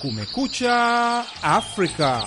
Kumekucha Afrika.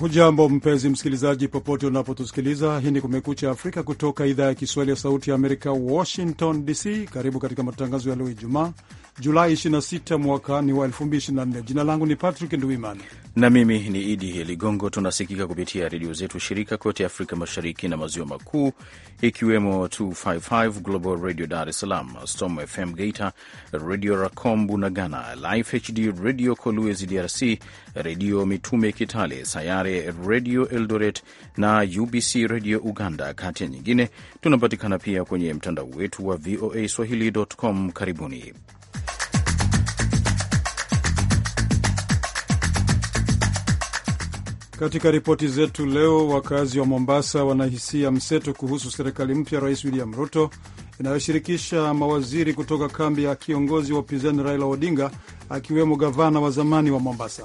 Hujambo mpenzi msikilizaji, popote unapotusikiliza. Hii ni Kumekucha Afrika kutoka idhaa ya Kiswahili ya Sauti ya Amerika, Washington DC. Karibu katika matangazo ya leo Ijumaa Julai 26 ni wa 2024. Jina langu ni Patrick Nduimana na mimi ni Idi Ligongo. Tunasikika kupitia redio zetu shirika kote Afrika Mashariki na Maziwa Makuu, ikiwemo 255 Global Radio Dar es Salaam, Storm FM Geita, Radio Racom Bunagana, Life HD Radio Kolwezi DRC, Redio Mitume Kitale, Sayare Radio Eldoret na UBC Radio Uganda, kati ya nyingine. Tunapatikana pia kwenye mtandao wetu wa VOA Swahili.com. Karibuni. Katika ripoti zetu leo, wakazi wa Mombasa wanahisia mseto kuhusu serikali mpya Rais William Ruto inayoshirikisha mawaziri kutoka kambi ya kiongozi wa upinzani Raila Odinga, akiwemo gavana wa zamani wa Mombasa.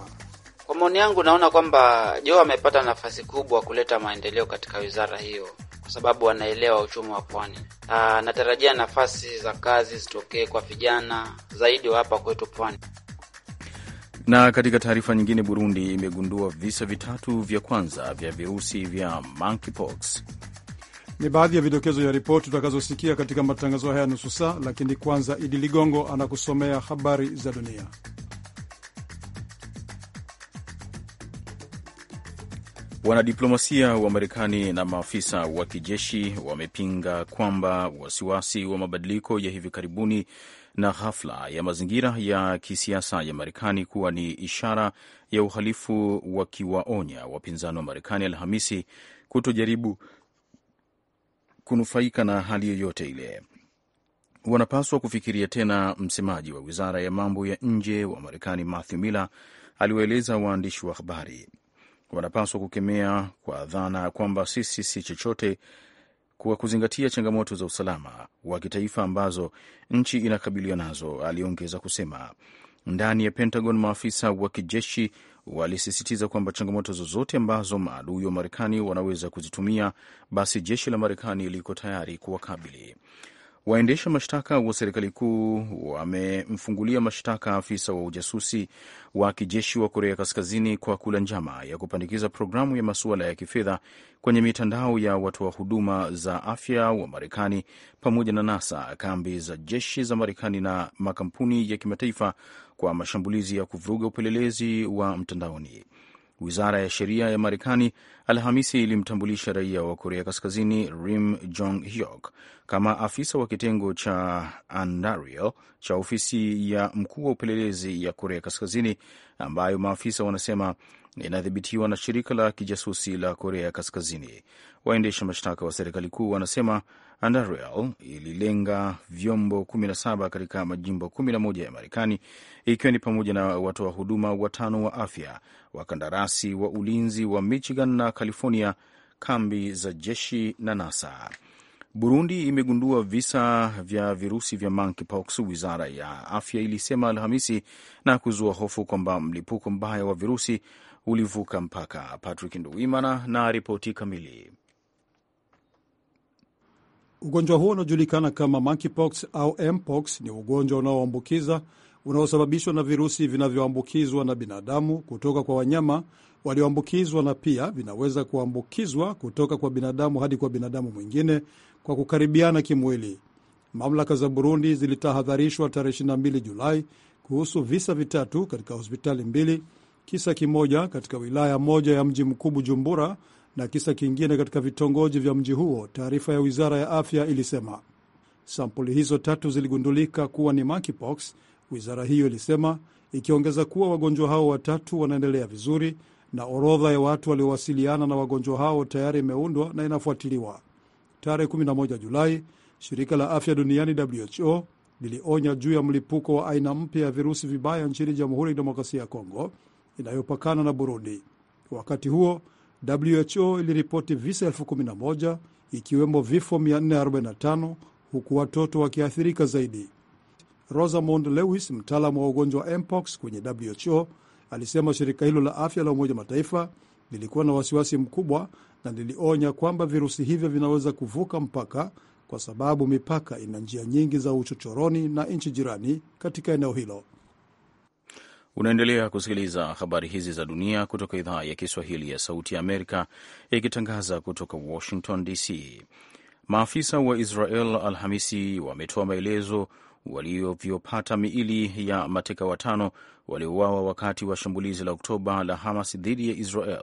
Kwa maoni yangu, naona kwamba jo amepata nafasi kubwa kuleta maendeleo katika wizara hiyo kwa sababu anaelewa uchumi wa pwani. Anatarajia nafasi za kazi zitokee kwa vijana zaidi wa hapa kwetu pwani. Na katika taarifa nyingine, Burundi imegundua visa vitatu vya kwanza vya virusi vya monkeypox. Ni baadhi ya vidokezo vya ripoti utakazosikia katika matangazo haya nusu saa, lakini kwanza, Idi Ligongo anakusomea habari za dunia. Wanadiplomasia wa Marekani na maafisa wa kijeshi wamepinga kwamba wasiwasi wa mabadiliko ya hivi karibuni na ghafla ya mazingira ya kisiasa ya Marekani kuwa ni ishara ya uhalifu, wakiwaonya wapinzani wa Marekani Alhamisi kutojaribu kunufaika na hali yoyote ile. Wanapaswa kufikiria tena, msemaji wa wizara ya mambo ya nje wa Marekani Matthew Miller aliwaeleza waandishi wa habari. Wanapaswa kukemea kwa dhana ya kwamba sisi si chochote kwa kuzingatia changamoto za usalama wa kitaifa ambazo nchi inakabiliwa nazo, aliongeza kusema. Ndani ya Pentagon, maafisa wa kijeshi walisisitiza kwamba changamoto zozote ambazo maadui wa Marekani wanaweza kuzitumia, basi jeshi la Marekani liko tayari kuwakabili. Waendesha mashtaka wa serikali kuu wamemfungulia mashtaka afisa wa ujasusi wa kijeshi wa Korea Kaskazini kwa kula njama ya kupandikiza programu ya masuala ya kifedha kwenye mitandao ya watoa wa huduma za afya wa Marekani pamoja na NASA, kambi za jeshi za Marekani na makampuni ya kimataifa kwa mashambulizi ya kuvuruga upelelezi wa mtandaoni. Wizara ya sheria ya Marekani Alhamisi ilimtambulisha raia wa Korea Kaskazini Rim Jong Hyok kama afisa wa kitengo cha andario cha ofisi ya mkuu wa upelelezi ya Korea Kaskazini, ambayo maafisa wanasema inadhibitiwa na shirika la kijasusi la Korea Kaskazini. Waendesha mashtaka wa serikali kuu wanasema Andariel ililenga vyombo 17 katika majimbo 11 ya Marekani, ikiwa ni pamoja na watoa huduma watano wa afya, wakandarasi wa ulinzi wa Michigan na California, kambi za jeshi na NASA. Burundi imegundua visa vya virusi vya monkeypox, wizara ya afya ilisema Alhamisi, na kuzua hofu kwamba mlipuko mbaya wa virusi ulivuka mpaka. Patrick Nduwimana na ripoti kamili. Ugonjwa huo unaojulikana kama monkeypox au mpox ni ugonjwa unaoambukiza unaosababishwa na virusi vinavyoambukizwa na binadamu kutoka kwa wanyama walioambukizwa na pia vinaweza kuambukizwa kutoka kwa binadamu hadi kwa binadamu mwingine kwa kukaribiana kimwili. Mamlaka za Burundi zilitahadharishwa tarehe 22 Julai kuhusu visa vitatu katika hospitali mbili, kisa kimoja katika wilaya moja ya mji mkuu Bujumbura na kisa kingine katika vitongoji vya mji huo, taarifa ya wizara ya afya ilisema. Sampuli hizo tatu ziligundulika kuwa ni monkeypox, wizara hiyo ilisema, ikiongeza kuwa wagonjwa hao watatu wanaendelea vizuri na orodha ya watu waliowasiliana na wagonjwa hao tayari imeundwa na inafuatiliwa. Tarehe 11 Julai, shirika la afya duniani WHO lilionya juu ya mlipuko wa aina mpya ya virusi vibaya nchini Jamhuri ya Kidemokrasia ya Kongo inayopakana na Burundi. Wakati huo WHO iliripoti visa 11 ikiwemo vifo 445 huku watoto wakiathirika zaidi. Rosamond Lewis, mtaalamu wa ugonjwa wa mpox kwenye WHO, alisema shirika hilo la afya la Umoja Mataifa lilikuwa na wasiwasi mkubwa na lilionya kwamba virusi hivyo vinaweza kuvuka mpaka, kwa sababu mipaka ina njia nyingi za uchochoroni na nchi jirani katika eneo hilo. Unaendelea kusikiliza habari hizi za dunia kutoka idhaa ya Kiswahili ya Sauti ya Amerika ikitangaza kutoka Washington DC. Maafisa wa Israel Alhamisi wametoa maelezo walivyopata miili ya mateka watano waliouawa wakati wa shambulizi la Oktoba la Hamas dhidi ya Israel,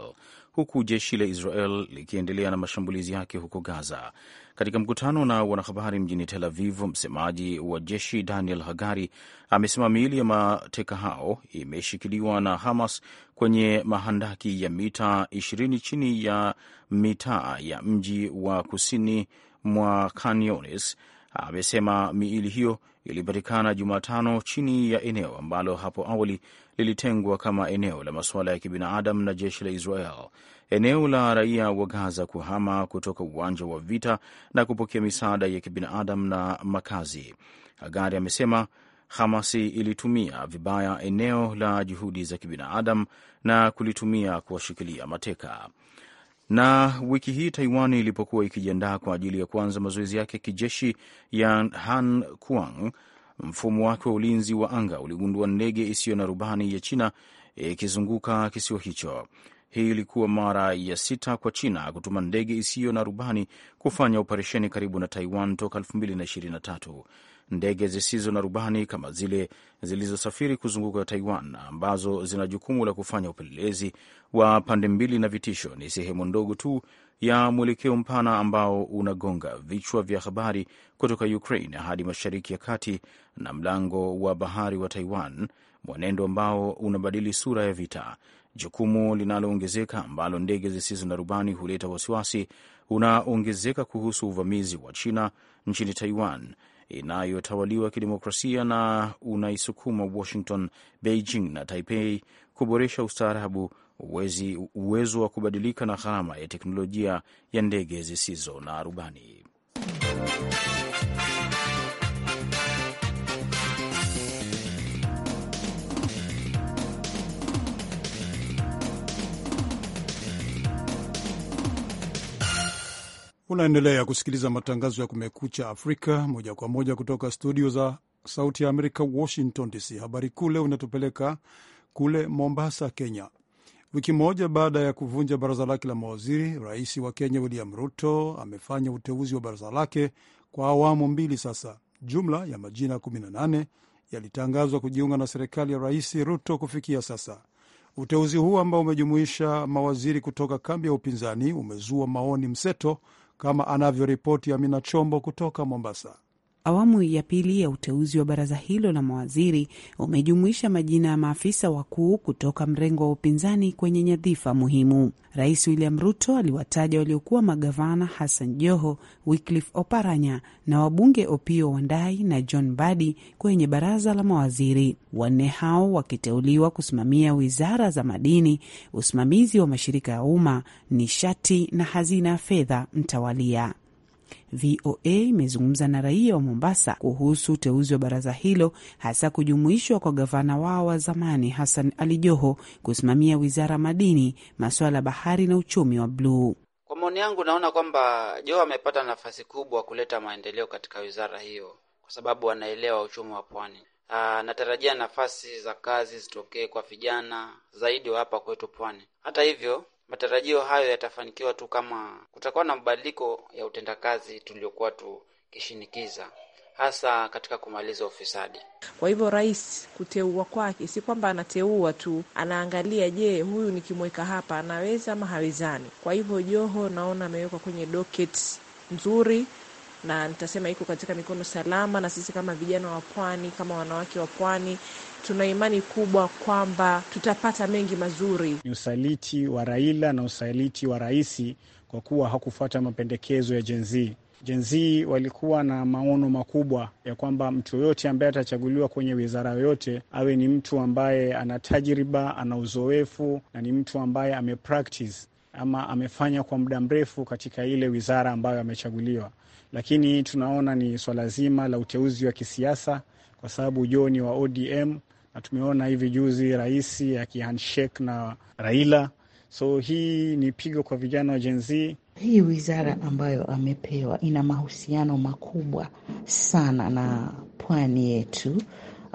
huku jeshi la Israel likiendelea na mashambulizi yake huko Gaza. Katika mkutano na wanahabari mjini Tel Aviv, msemaji wa jeshi Daniel Hagari amesema miili ya mateka hao imeshikiliwa na Hamas kwenye mahandaki ya mita 20 chini ya mitaa ya mji wa kusini mwa Khan Younis amesema miili hiyo ilipatikana Jumatano chini ya eneo ambalo hapo awali lilitengwa kama eneo la masuala ya kibinadamu na jeshi la Israel. Eneo la raia wa Gaza kuhama kutoka uwanja wa vita na kupokea misaada ya kibinadamu na makazi. Agari amesema Hamasi ilitumia vibaya eneo la juhudi za kibinadamu na kulitumia kuwashikilia mateka. Na wiki hii Taiwan ilipokuwa ikijiandaa kwa ajili ya kuanza mazoezi yake kijeshi ya Han Kuang, mfumo wake wa ulinzi wa anga uligundua ndege isiyo na rubani ya China ikizunguka kisiwa hicho. Hii ilikuwa mara ya sita kwa China kutuma ndege isiyo na rubani kufanya operesheni karibu na Taiwan toka 2023 ndege zisizo na rubani kama zile zilizosafiri kuzunguka Taiwan ambazo zina jukumu la kufanya upelelezi wa pande mbili na vitisho ni sehemu ndogo tu ya mwelekeo mpana ambao unagonga vichwa vya habari kutoka Ukraine hadi Mashariki ya Kati na mlango wa bahari wa Taiwan, mwenendo ambao unabadili sura ya vita. Jukumu linaloongezeka ambalo ndege zisizo na rubani huleta wasiwasi unaongezeka kuhusu uvamizi wa China nchini Taiwan inayotawaliwa kidemokrasia na unaisukuma Washington, Beijing na Taipei kuboresha ustaarabu, uwezo wa kubadilika na gharama ya teknolojia ya ndege zisizo na rubani. Unaendelea kusikiliza matangazo ya Kumekucha Afrika moja kwa moja kutoka studio za Sauti ya Amerika, Washington DC. Habari kuu leo inatupeleka kule Mombasa, Kenya. Wiki moja baada ya kuvunja baraza lake la mawaziri, rais wa Kenya William Ruto amefanya uteuzi wa baraza lake kwa awamu mbili sasa. Jumla ya majina 18 yalitangazwa kujiunga na serikali ya rais Ruto kufikia sasa. Uteuzi huu ambao umejumuisha mawaziri kutoka kambi ya upinzani umezua maoni mseto kama anavyoripoti Amina Chombo kutoka Mombasa. Awamu ya pili ya uteuzi wa baraza hilo la mawaziri umejumuisha majina ya maafisa wakuu kutoka mrengo wa upinzani kwenye nyadhifa muhimu. Rais William Ruto aliwataja waliokuwa magavana Hassan Joho, Wycliffe Oparanya na wabunge Opio Wandai na John Badi kwenye baraza la mawaziri, wanne hao wakiteuliwa kusimamia wizara za madini, usimamizi wa mashirika ya umma, nishati na hazina ya fedha mtawalia. VOA imezungumza na raia wa Mombasa kuhusu uteuzi wa baraza hilo, hasa kujumuishwa kwa gavana wao wa zamani Hassan Ali Joho kusimamia wizara madini, masuala ya bahari na uchumi wa bluu. Kwa maoni yangu, naona kwamba Joho amepata nafasi kubwa kuleta maendeleo katika wizara hiyo kwa sababu anaelewa uchumi wa pwani. Ah, Natarajia nafasi za kazi zitokee kwa vijana zaidi wa hapa kwetu pwani. Hata hivyo matarajio hayo yatafanikiwa tu kama kutakuwa na mabadiliko ya utendakazi tuliokuwa tukishinikiza hasa katika kumaliza ufisadi. Kwa hivyo rais kuteua kwake si kwamba anateua tu, anaangalia, je, huyu nikimweka hapa anaweza ama hawezani. Kwa hivyo Joho naona amewekwa kwenye docket nzuri, na nitasema iko katika mikono salama, na sisi kama vijana wa pwani, kama wanawake wa pwani tuna imani kubwa kwamba tutapata mengi mazuri. Ni usaliti wa Raila na usaliti wa raisi kwa kuwa hakufuata mapendekezo ya Jenzii. Jenzii walikuwa na maono makubwa ya kwamba mtu yoyote ambaye atachaguliwa kwenye wizara yoyote awe ni mtu ambaye ana tajriba, ana uzoefu na ni mtu ambaye amepractice ama amefanya kwa muda mrefu katika ile wizara ambayo amechaguliwa. Lakini tunaona ni swala zima la uteuzi wa kisiasa, kwa sababu joni wa ODM na tumeona hivi juzi rais akihandshake na Raila. So hii ni pigo kwa vijana wa Gen Z. Hii wizara ambayo amepewa ina mahusiano makubwa sana na pwani yetu.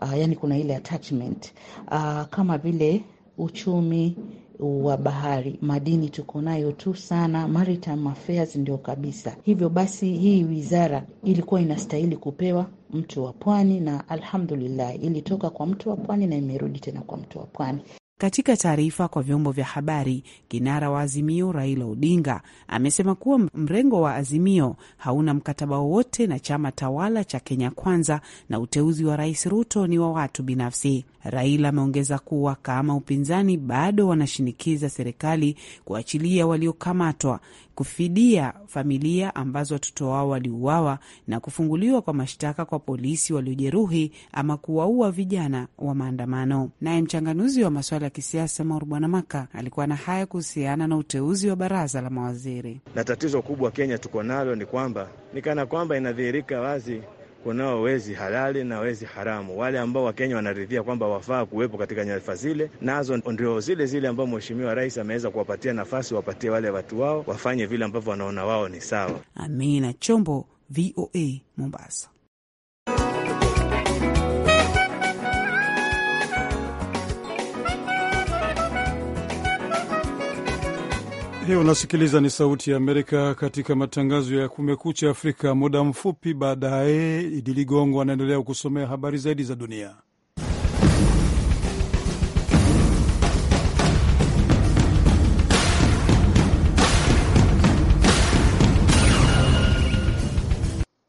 Uh, yani kuna ile attachment uh, kama vile uchumi, wa bahari. Madini tuko nayo tu sana, maritime affairs ndio kabisa. Hivyo basi hii wizara ilikuwa inastahili kupewa mtu wa pwani, na alhamdulillah ilitoka kwa mtu wa pwani na imerudi tena kwa mtu wa pwani. Katika taarifa kwa vyombo vya habari, kinara wa Azimio Raila Odinga amesema kuwa mrengo wa Azimio hauna mkataba wowote na chama tawala cha Kenya Kwanza na uteuzi wa Rais Ruto ni wa watu binafsi. Raila ameongeza kuwa kama upinzani bado wanashinikiza serikali kuachilia waliokamatwa, kufidia familia ambazo watoto wao waliuawa na kufunguliwa kwa mashtaka kwa polisi waliojeruhi ama kuwaua vijana wa maandamano. Naye mchanganuzi wa masuala ya kisiasa Bwana Bwanamaka alikuwa na haya kuhusiana na uteuzi wa baraza la mawaziri. Na tatizo kubwa Kenya tuko nalo ni kwamba ni kana kwamba inadhihirika wazi kunao wezi halali na wezi haramu. Wale ambao Wakenya wanaridhia kwamba wafaa kuwepo katika nyadhifa zile, nazo ndio zile zile ambao Mheshimiwa Rais ameweza kuwapatia nafasi, wapatie wale watu wao wafanye vile ambavyo wanaona wao ni sawa. Amina Chombo, VOA Mombasa. Hiyo unasikiliza ni Sauti ya Amerika katika matangazo ya Kumekucha Afrika. Muda mfupi baadaye, Idi Ligongo anaendelea kusomea habari zaidi za dunia.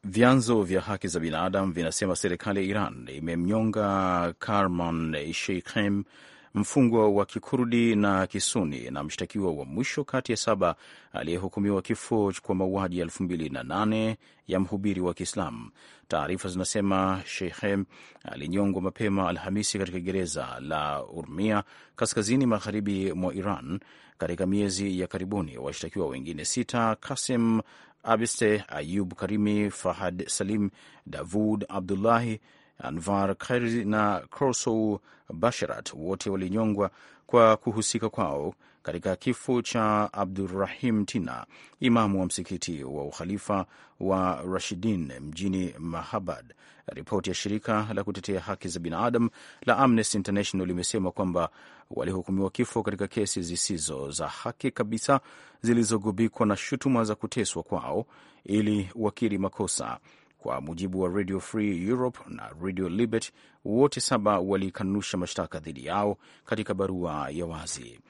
Vyanzo vya haki za binadamu vinasema serikali ya Iran imemnyonga Karman Sheikhem mfungwa wa kikurdi na kisuni na mshtakiwa wa mwisho kati ya saba aliyehukumiwa kifo kwa mauaji ya 2008 ya mhubiri wa Kiislamu. Taarifa zinasema Sheikhem alinyongwa mapema Alhamisi katika gereza la Urmia kaskazini magharibi mwa Iran. Katika miezi ya karibuni, washtakiwa wengine sita Kasim Abiste, Ayub Karimi, Fahad Salim, Davud Abdullahi Anvar Kairi na Khosrow Basharat wote walinyongwa kwa kuhusika kwao katika kifo cha Abdurrahim Tina, imamu wa msikiti wa ukhalifa wa Rashidin mjini Mahabad. Ripoti ya shirika la kutetea haki za binadamu la Amnesty International limesema kwamba walihukumiwa kifo katika kesi zisizo za haki kabisa zilizogubikwa na shutuma za kuteswa kwao ili wakiri makosa kwa mujibu wa Radio Free Europe na Radio Liberty, wote saba walikanusha mashtaka dhidi yao katika barua ya wazi.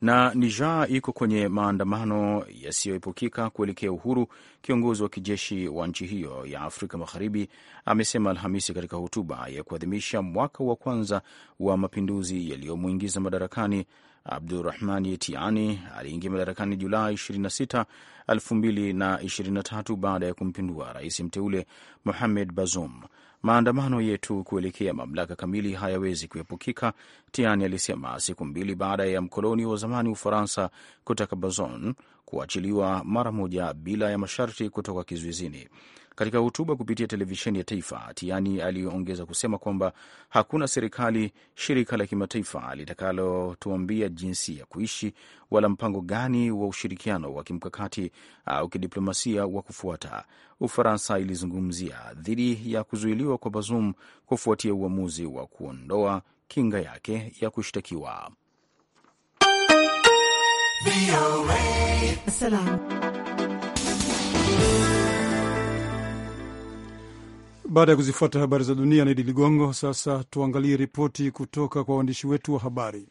Na Niger iko kwenye maandamano yasiyoepukika kuelekea uhuru. Kiongozi wa kijeshi wa nchi hiyo ya Afrika Magharibi amesema Alhamisi katika hotuba ya kuadhimisha mwaka wa kwanza wa mapinduzi yaliyomwingiza madarakani Abdurahmani tiani aliingia madarakani Julai 26, 2023 baada ya kumpindua rais mteule Mohamed Bazoum. Maandamano yetu kuelekea mamlaka kamili hayawezi kuepukika, Tiani alisema siku mbili baada ya mkoloni wa zamani Ufaransa kutaka Bazoum kuachiliwa mara moja bila ya masharti kutoka kizuizini. Katika hotuba kupitia televisheni ya taifa, Tiani aliongeza kusema kwamba hakuna serikali, shirika la kimataifa litakalotuambia jinsi ya kuishi wala mpango gani wa ushirikiano wa kimkakati au kidiplomasia wa kufuata. Ufaransa ilizungumzia dhidi ya kuzuiliwa kwa Bazoum kufuatia uamuzi wa kuondoa kinga yake ya kushtakiwa. Salam. Baada ya kuzifuata habari za dunia na Idi Ligongo, sasa tuangalie ripoti kutoka kwa waandishi wetu wa habari.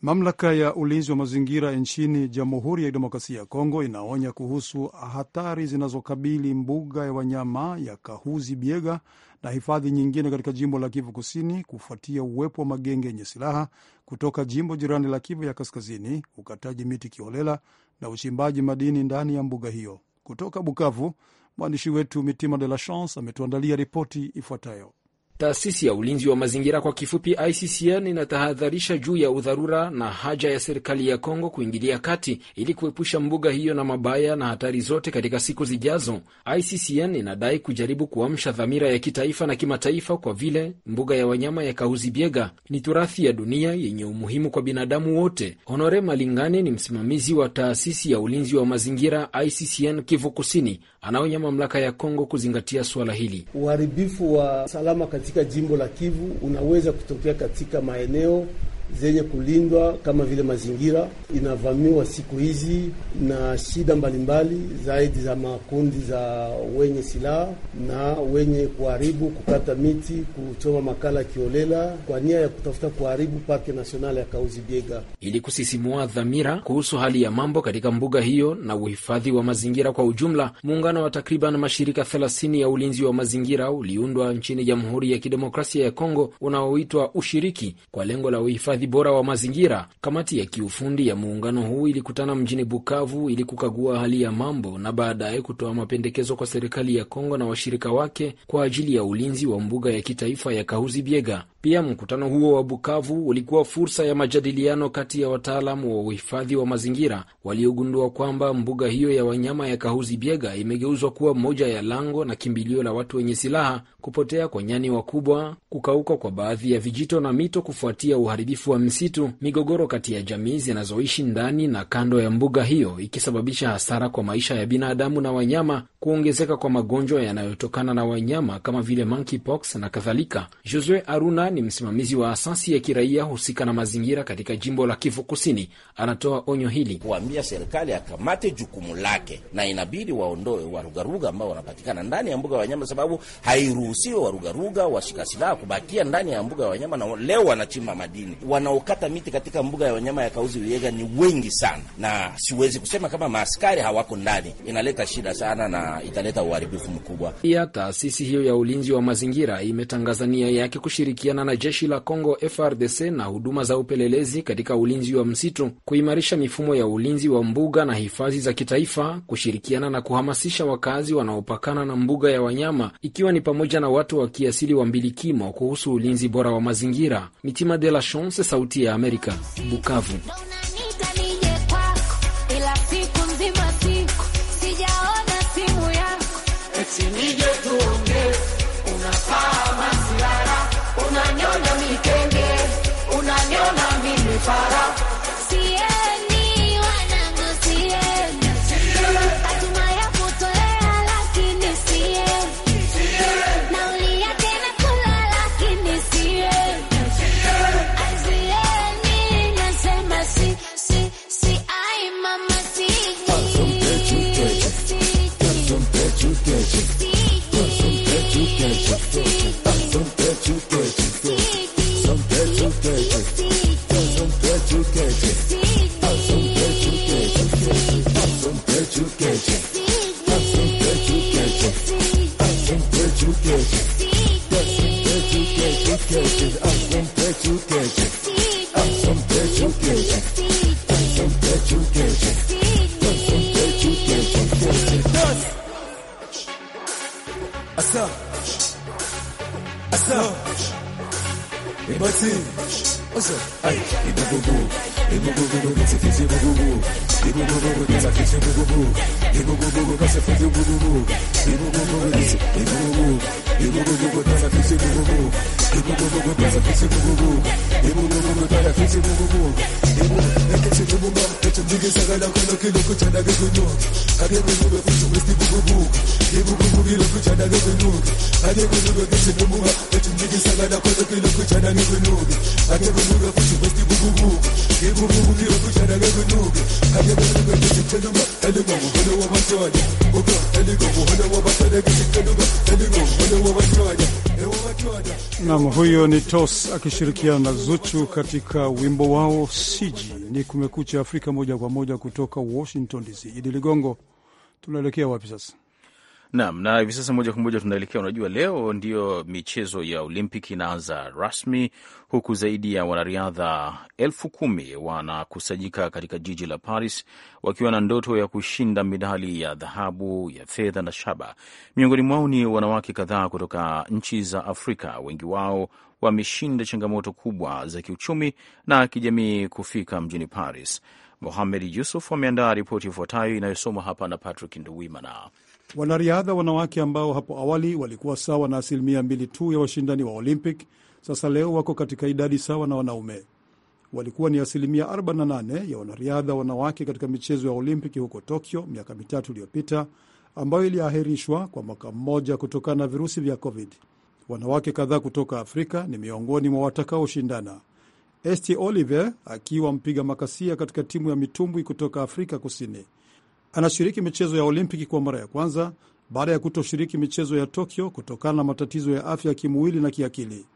Mamlaka ya ulinzi wa mazingira nchini Jamhuri ya Kidemokrasia ya Kongo inaonya kuhusu hatari zinazokabili mbuga ya wanyama ya Kahuzi Biega na hifadhi nyingine katika jimbo la Kivu Kusini kufuatia uwepo wa magenge yenye silaha kutoka jimbo jirani la Kivu ya Kaskazini, ukataji miti kiholela na uchimbaji madini ndani ya mbuga hiyo. Kutoka Bukavu, Mwandishi wetu Mitima De La Chance ametuandalia ripoti ifuatayo. Taasisi ya ulinzi wa mazingira kwa kifupi ICCN inatahadharisha juu ya udharura na haja ya serikali ya Kongo kuingilia kati ili kuepusha mbuga hiyo na mabaya na hatari zote katika siku zijazo. ICCN inadai kujaribu kuamsha dhamira ya kitaifa na kimataifa kwa vile mbuga ya wanyama ya Kahuzi-Biega ni turathi ya dunia yenye umuhimu kwa binadamu wote. Honore Malingane ni msimamizi wa taasisi ya ulinzi wa mazingira ICCN Kivu Kusini, anaonya mamlaka ya Kongo kuzingatia suala hili. Uharibifu wa salama katika jimbo la Kivu unaweza kutokea katika maeneo zenye kulindwa kama vile mazingira inavamiwa siku hizi na shida mbalimbali zaidi za makundi za wenye silaha na wenye kuharibu, kukata miti, kuchoma makala kiolela kwa nia ya kutafuta kuharibu parke nasionale ya Kauzi Biega. Ili kusisimua dhamira kuhusu hali ya mambo katika mbuga hiyo na uhifadhi wa mazingira kwa ujumla, muungano wa takriban mashirika 30 ya ulinzi wa mazingira uliundwa nchini Jamhuri ya Kidemokrasia ya Kongo unaoitwa Ushiriki kwa lengo la uhifadhi uhifadhi bora wa mazingira. Kamati ya kiufundi ya muungano huu ilikutana mjini Bukavu ili kukagua hali ya mambo na baadaye kutoa mapendekezo kwa serikali ya Kongo na washirika wake kwa ajili ya ulinzi wa mbuga ya kitaifa ya Kahuzi Biega. Pia mkutano huo wa Bukavu ulikuwa fursa ya majadiliano kati ya wataalamu wa uhifadhi wa mazingira waliogundua kwamba mbuga hiyo ya wanyama ya Kahuzi Biega imegeuzwa kuwa moja ya lango na kimbilio la watu wenye silaha, kupotea kwa nyani wakubwa, kukauka kwa baadhi ya vijito na mito kufuatia uharibifu wa msitu, migogoro kati ya jamii zinazoishi ndani na kando ya mbuga hiyo ikisababisha hasara kwa maisha ya binadamu na wanyama, kuongezeka kwa magonjwa yanayotokana na wanyama kama vile monkeypox na kadhalika. Josue Aruna ni msimamizi wa asasi ya kiraia husika na mazingira katika jimbo la Kivu Kusini, anatoa onyo hili kuambia serikali akamate jukumu lake, na inabidi waondoe warugaruga ambao wanapatikana ndani ya mbuga ya wanyama, sababu hairuhusiwe warugaruga washika silaha kubakia ndani ya mbuga ya wanyama. Na leo wanachimba madini, wanaokata miti katika mbuga ya wanyama ya Kauzi Biega ni wengi sana, na siwezi kusema kama maaskari hawako ndani. Inaleta shida sana na italeta uharibifu mkubwa. Pia taasisi hiyo ya ulinzi wa mazingira imetangaza nia yake kushirikiana na jeshi la Congo FRDC na huduma za upelelezi katika ulinzi wa msitu, kuimarisha mifumo ya ulinzi wa mbuga na hifadhi za kitaifa, kushirikiana na kuhamasisha wakazi wanaopakana na mbuga ya wanyama, ikiwa ni pamoja na watu wa kiasili wa mbilikimo kuhusu ulinzi bora wa mazingira. Mitima de la Chance, Sauti ya Amerika, Bukavu. Nam, huyo ni Tos akishirikiana na Zuchu katika wimbo wao Siji. Ni Kumekucha Afrika moja kwa moja kutoka Washington DC. Idi Ligongo, tunaelekea wapi sasa? Naam, na hivi sasa moja kwa moja tunaelekea. Unajua, leo ndiyo michezo ya Olimpiki inaanza rasmi, huku zaidi ya wanariadha elfu kumi wanakusanyika katika jiji la Paris wakiwa na ndoto ya kushinda midali ya dhahabu, ya fedha na shaba. Miongoni mwao ni wanawake kadhaa kutoka nchi za Afrika, wengi wao wameshinda changamoto kubwa za kiuchumi na kijamii kufika mjini Paris. Mohamed Yusuf ameandaa ripoti ifuatayo inayosomwa hapa na Patrick Nduwimana. Wanariadha wanawake ambao hapo awali walikuwa sawa na asilimia mbili tu ya washindani wa Olympic sasa leo wako katika idadi sawa na wanaume. Walikuwa ni asilimia 48 ya wanariadha wanawake katika michezo ya Olimpiki huko Tokyo miaka mitatu iliyopita, ambayo iliahirishwa kwa mwaka mmoja kutokana na virusi vya COVID. Wanawake kadhaa kutoka Afrika ni miongoni mwa watakaoshindana. Esti Oliver akiwa mpiga makasia katika timu ya mitumbwi kutoka Afrika Kusini anashiriki michezo ya Olimpiki kwa mara ya kwanza baada ya kutoshiriki michezo ya Tokyo kutokana na matatizo ya afya ya kimwili na kiakili.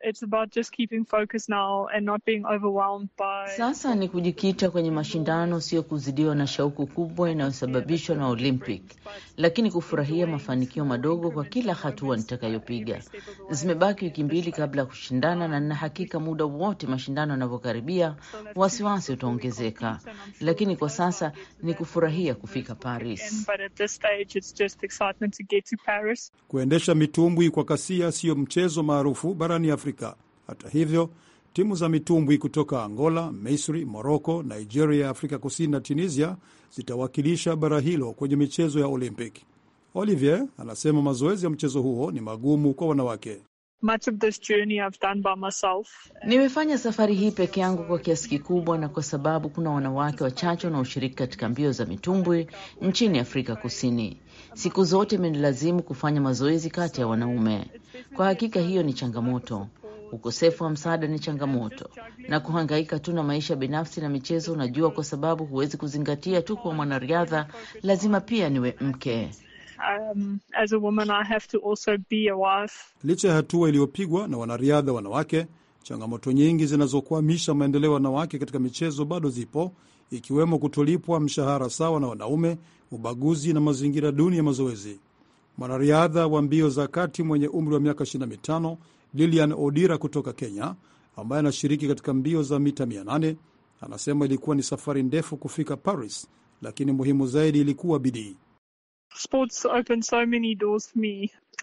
It's about just keeping focus now and not being overwhelmed by... Sasa ni kujikita kwenye mashindano, sio kuzidiwa na shauku kubwa inayosababishwa na Olympic, lakini kufurahia mafanikio madogo kwa kila hatua nitakayopiga. Zimebaki wiki mbili kabla ya kushindana, na nina hakika muda wote mashindano yanavyokaribia wasiwasi utaongezeka, lakini kwa sasa ni kufurahia kufika Paris. Kuendesha mitumbwi kwa kasia siyo mchezo maarufu barani Afrika. Hata hivyo, timu za mitumbwi kutoka Angola, Misri, Moroko, Nigeria ya Afrika Kusini na Tunisia zitawakilisha bara hilo kwenye michezo ya Olympic. Olivier anasema mazoezi ya mchezo huo ni magumu kwa wanawake. Much of this journey I've done by myself. Nimefanya safari hii peke yangu kwa kiasi kikubwa, na kwa sababu kuna wanawake wachache wanaoshiriki katika mbio za mitumbwi nchini Afrika Kusini. Siku zote imenilazimu kufanya mazoezi kati ya wanaume. Kwa hakika hiyo ni changamoto. Ukosefu wa msaada ni changamoto, na kuhangaika tu na maisha binafsi na michezo, unajua, kwa sababu huwezi kuzingatia tu kuwa mwanariadha, lazima pia niwe mke. Um, Licha ya hatua iliyopigwa na wanariadha wanawake, changamoto nyingi zinazokwamisha maendeleo ya wanawake katika michezo bado zipo, ikiwemo kutolipwa mshahara sawa na wanaume ubaguzi na mazingira duni ya mazoezi. Mwanariadha wa mbio za kati mwenye umri wa miaka 25 Lilian Odira kutoka Kenya, ambaye anashiriki katika mbio za mita 800 anasema ilikuwa ni safari ndefu kufika Paris, lakini muhimu zaidi ilikuwa bidii.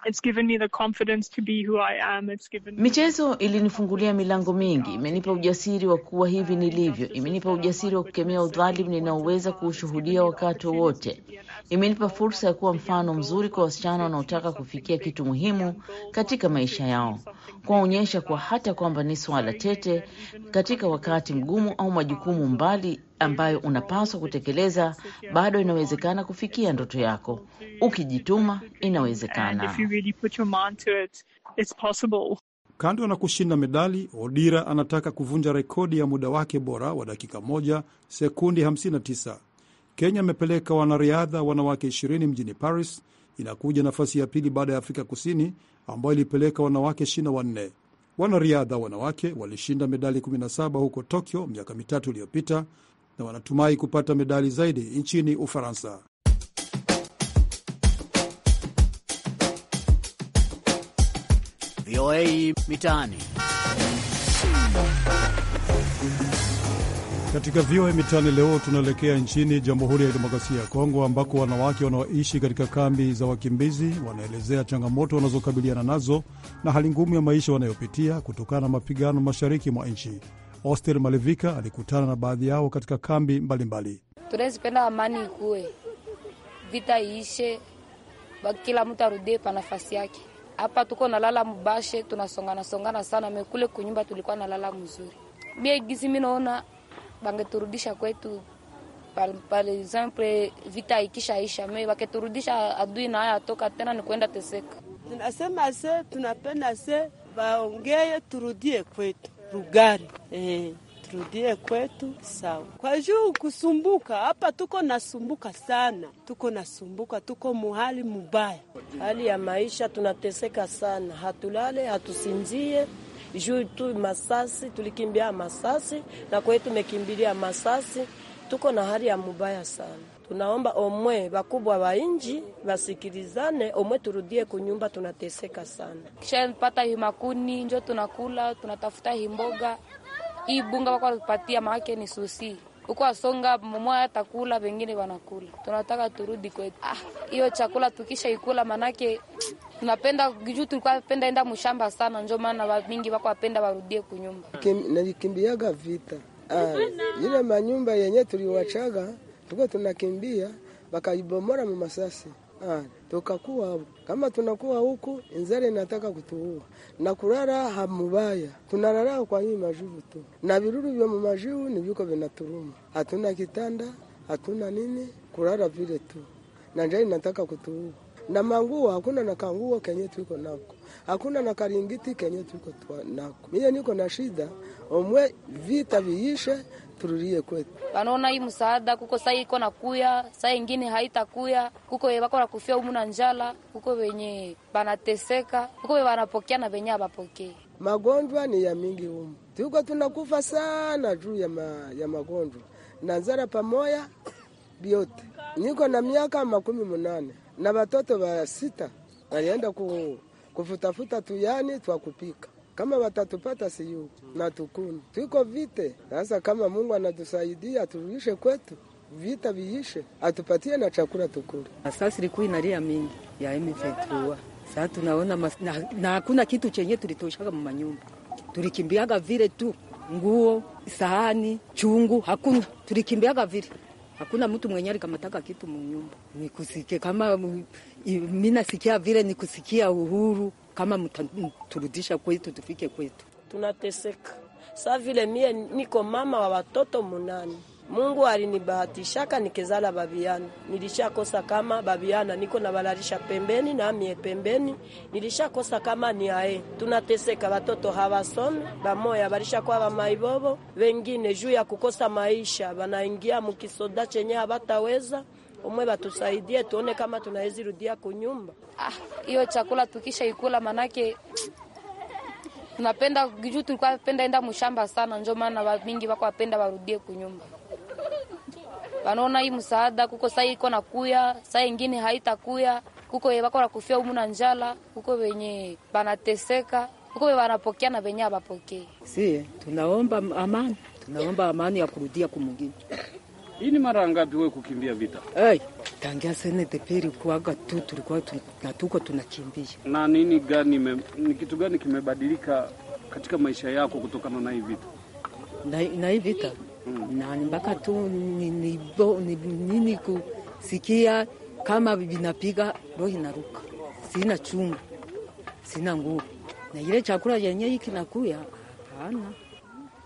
It's given me the confidence to be who I am. It's given Michezo ilinifungulia milango mingi, imenipa ujasiri wa kuwa hivi nilivyo, imenipa ujasiri wa kukemea udhalimu ninaoweza kuushuhudia wakati wowote, imenipa fursa ya kuwa mfano mzuri kwa wasichana wanaotaka kufikia kitu muhimu katika maisha yao, kuwaonyesha kwa hata kwamba ni swala tete katika wakati mgumu au majukumu mbali ambayo unapaswa kutekeleza, bado inawezekana kufikia ndoto yako ukijituma, inawezekana you really put your mind to it, it's possible. Kando na kushinda medali, Odira anataka kuvunja rekodi ya muda wake bora wa dakika moja sekundi 59. Kenya amepeleka wanariadha wanawake 20 mjini Paris. Inakuja nafasi ya pili baada ya Afrika Kusini ambayo ilipeleka wanawake 24. Wanariadha wanawake walishinda medali 17 huko Tokyo miaka mitatu iliyopita na wanatumai kupata medali zaidi nchini Ufaransa. VOA Mitaani. Katika VOA Mitaani leo tunaelekea nchini Jamhuri ya Kidemokrasia ya Kongo ambako wanawake wanaoishi katika kambi za wakimbizi wanaelezea changamoto wanazokabiliana nazo na hali ngumu ya maisha wanayopitia kutokana na mapigano mashariki mwa nchi. Oster Malevika alikutana na baadhi yao katika kambi mbalimbali. Tunazipenda amani ikuwe, vita iishe, kila mtu arudie pa nafasi yake. Hapa tuko nalala mubashe, tunasongana songana sana. Mekule kunyumba tulikuwa nalala mzuri. Mie gizi mi naona bangeturudisha kwetu par exemple vita ikishaisha, me waketurudisha adui na haya atoka tena ni kuenda teseka. Tunasema se tunapenda se waongee, turudie kwetu Rugari eh turudie kwetu sawa. Kwa juu kusumbuka hapa, tuko nasumbuka sana, tuko nasumbuka, tuko muhali mubaya, hali ya maisha tunateseka sana, hatulale hatusinzie juu tu masasi, tulikimbia masasi na kwetu tumekimbilia masasi, tuko na hali ya mubaya sana. Tunaomba omwe wakubwa wa inji basikilizane, omwe turudie kunyumba, tunateseka sana. Kisha pata himakuni njo tunakula tunatafuta himboga hii bunga wako watupatia, maake ni susi huko Asonga mmoja atakula, vengine wanakula. Tunataka turudi kwetu. Ah, hiyo chakula tukisha ikula, manake tunapenda juu tulikuwa penda enda mshamba sana, ndio maana wamingi wako wapenda warudie kunyumba. nalikimbiaga vita ah, ile manyumba yenye tuliwachaga tuko tunakimbia, wakaibomora mumasasi Ah, tukakuwa kama tunakuwa huku inzara inataka kutuua na kulala hamubaya, tunalala kwa hii majivu tu na viruru vya mumajivu ni viko vinaturuma, hatuna kitanda hatuna nini, kulala vile tu, na njaa inataka kutuua na manguo hakuna na kanguo kenye tuko nako hakuna na karingiti kenye tuko nako. Mimi niko na shida omwe vita viishe turulie kwetu. Wanaona hii msaada kuko saa iko na kuya saa ingine haitakuya, kuko wako na kufia umu na njala, kuko wenye banateseka, kuko we wanapokea na wenye abapokee. Magonjwa ni ya mingi umu, tuko tunakufa sana juu ya, ma, ya magonjwa na nzara pamoya biote. Niko na miaka makumi munane na watoto wa sita walienda ku, kufutafuta tuyani twakupika kama watatupata siyuu na tukuni tuko vite sasa. Kama Mungu anatusaidia turudishe kwetu, vita viishe, atupatie na chakula tukule. Sasa ilikuwa inalia mingi ya imefetua sasa tunaona mas... na, na hakuna kitu chenye tulitoshaga mu manyumba, tulikimbiaga vile tu nguo, sahani, chungu, hakuna tulikimbiaga vile hakuna mtu mwenye alikamataka kitu munyumba. Nikusikia kama mina nasikia vile nikusikia uhuru kama mtaturudisha kwetu tufike kwetu. Tunateseka sa vile mie niko mama wa watoto munani. Mungu alinibahatishaka nikezala babiana, nilishakosa kama babiana niko nabalalisha pembeni na mie pembeni, nilishakosa kama ni ae. Tunateseka, watoto hawasome, bamoya balishakuwa bamaibobo, wengine juu ya kukosa maisha banaingia mukisoda chenye habataweza umwe batusaidie tuone kama tunaweza rudia kunyumba. Ah, hiyo ah, chakula tukisha ikula manake tunapenda juu tulikuwa penda enda mshamba sana, njo maana mingi wako wapenda warudie kunyumba. Wanaona hii msaada kuko sai iko na kuya sai ingine haitakuya kuko wako wanakufia humu na njala, kuko wenye banateseka, kuko wanapokea na wenye hawapokee. Si tunaomba amani, tunaomba amani ya kurudia kumugini hii ni mara ngapi wewe kukimbia vita? Hey, tangia sene peri kuaga tu tulikuwa tunatuko tunakimbia. Na nini gani me, ni kitu gani kimebadilika katika maisha yako kutokana na hii vita? Na, na hii vita? Hmm. Na mpaka tu ni, ni, ni, nini kusikia kama vinapiga roho inaruka. Sina chungu. Sina nguvu. Na ile chakula yenyewe ikinakuya hapana.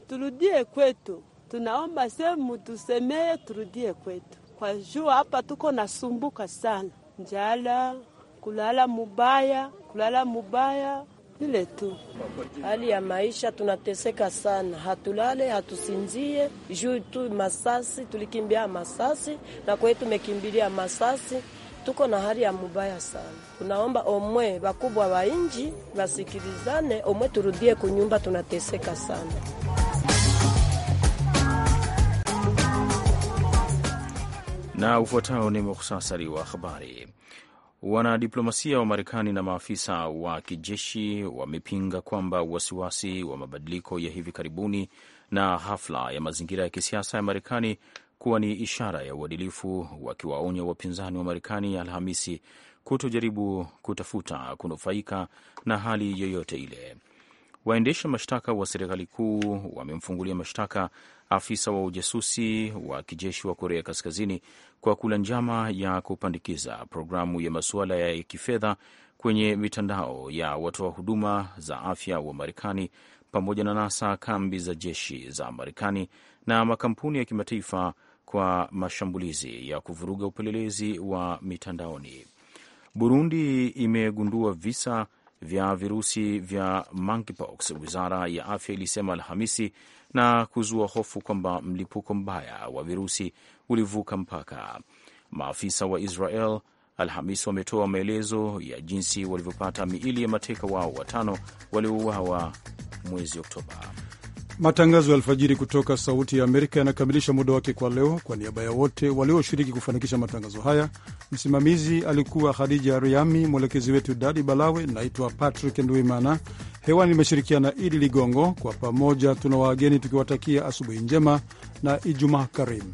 Turudie kwetu tunaomba sehemu tusemee, turudie kwetu, kwa juu hapa tuko nasumbuka sana, njala, kulala mubaya, kulala mubaya ile tu hali ya maisha, tunateseka sana, hatulale hatusinzie, juu tu masasi. Tulikimbia masasi na kwetu tumekimbilia masasi, tuko na hali ya mubaya sana. Tunaomba omwe wakubwa wa inji wasikilizane, omwe turudie kunyumba, tunateseka sana. Na ufuatao ni muhtasari wa habari. Wanadiplomasia wa Marekani na maafisa wa kijeshi wamepinga kwamba wasiwasi wa mabadiliko ya hivi karibuni na hafla ya mazingira ya kisiasa ya Marekani kuwa ni ishara ya uadilifu, wakiwaonya wapinzani wa Marekani Alhamisi kutojaribu kutafuta kunufaika na hali yoyote ile. Waendesha mashtaka wa serikali kuu wamemfungulia mashtaka afisa wa ujasusi wa kijeshi wa Korea Kaskazini kwa kula njama ya kupandikiza programu ya masuala ya kifedha kwenye mitandao ya watoa huduma za afya wa Marekani pamoja na NASA, kambi za jeshi za Marekani na makampuni ya kimataifa kwa mashambulizi ya kuvuruga upelelezi wa mitandaoni. Burundi imegundua visa vya virusi vya monkeypox, wizara ya afya ilisema Alhamisi, na kuzua hofu kwamba mlipuko mbaya wa virusi ulivuka mpaka. Maafisa wa Israel Alhamisi wametoa maelezo ya jinsi walivyopata miili ya mateka wao watano waliouawa mwezi Oktoba. Matangazo ya alfajiri kutoka Sauti ya Amerika yanakamilisha muda wake kwa leo. Kwa niaba ya wote walioshiriki kufanikisha matangazo haya, msimamizi alikuwa Khadija Riami, mwelekezi wetu Dadi Balawe. Naitwa Patrick Ndwimana, hewani limeshirikiana Idi Ligongo. Kwa pamoja tuna wageni tukiwatakia asubuhi njema na Ijumaa karimu.